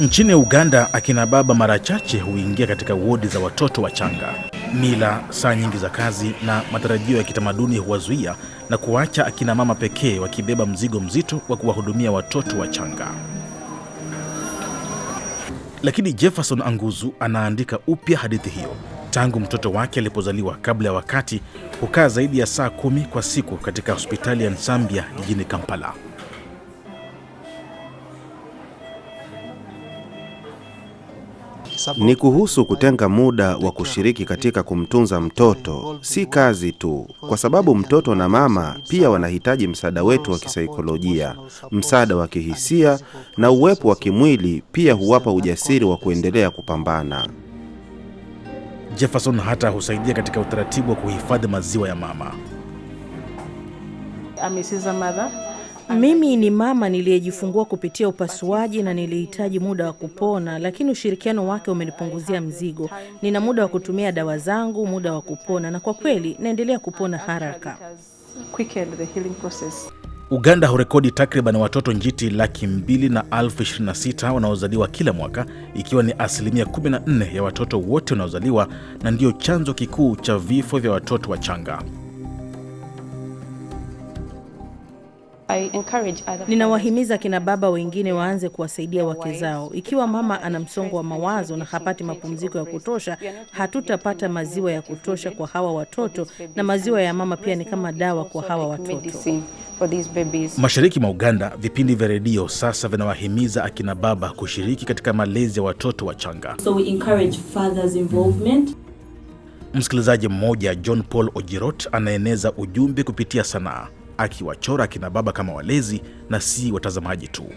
Nchini Uganda, akina baba mara chache huingia katika wodi za watoto wachanga. Mila, saa nyingi za kazi na matarajio ya kitamaduni huwazuia na kuwacha akina mama pekee wakibeba mzigo mzito wa kuwahudumia watoto wachanga. Lakini Jefferson Anguzu anaandika upya hadithi hiyo. Tangu mtoto wake alipozaliwa kabla ya wakati, hukaa zaidi ya saa kumi kwa siku katika hospitali ya Nsambia jijini Kampala. ni kuhusu kutenga muda wa kushiriki katika kumtunza mtoto. Si kazi tu, kwa sababu mtoto na mama pia wanahitaji msaada wetu wa kisaikolojia, msaada wa kihisia na uwepo wa kimwili pia huwapa ujasiri wa kuendelea kupambana. Jefferson hata husaidia katika utaratibu wa kuhifadhi maziwa ya mama. Mimi ni mama niliyejifungua kupitia upasuaji na nilihitaji muda wa kupona, lakini ushirikiano wake umenipunguzia mzigo. Nina muda wa kutumia dawa zangu, muda wa kupona, na kwa kweli naendelea kupona haraka. Uganda hurekodi takriban watoto njiti laki mbili na elfu ishirini na sita wanaozaliwa kila mwaka ikiwa ni asilimia 14 ya watoto wote wanaozaliwa na ndiyo chanzo kikuu cha vifo vya watoto wachanga. Ninawahimiza kina baba wengine waanze kuwasaidia wake zao. Ikiwa mama ana msongo wa mawazo na hapati mapumziko ya kutosha, hatutapata maziwa ya kutosha kwa hawa watoto, na maziwa ya mama pia ni kama dawa kwa hawa watoto. Mashariki mwa Uganda, vipindi vya redio sasa vinawahimiza akina baba kushiriki katika malezi ya watoto wachanga. So we encourage fathers involvement. Msikilizaji mmoja John Paul Ojirot anaeneza ujumbe kupitia sanaa akiwachora akina baba kama walezi na si watazamaji tu.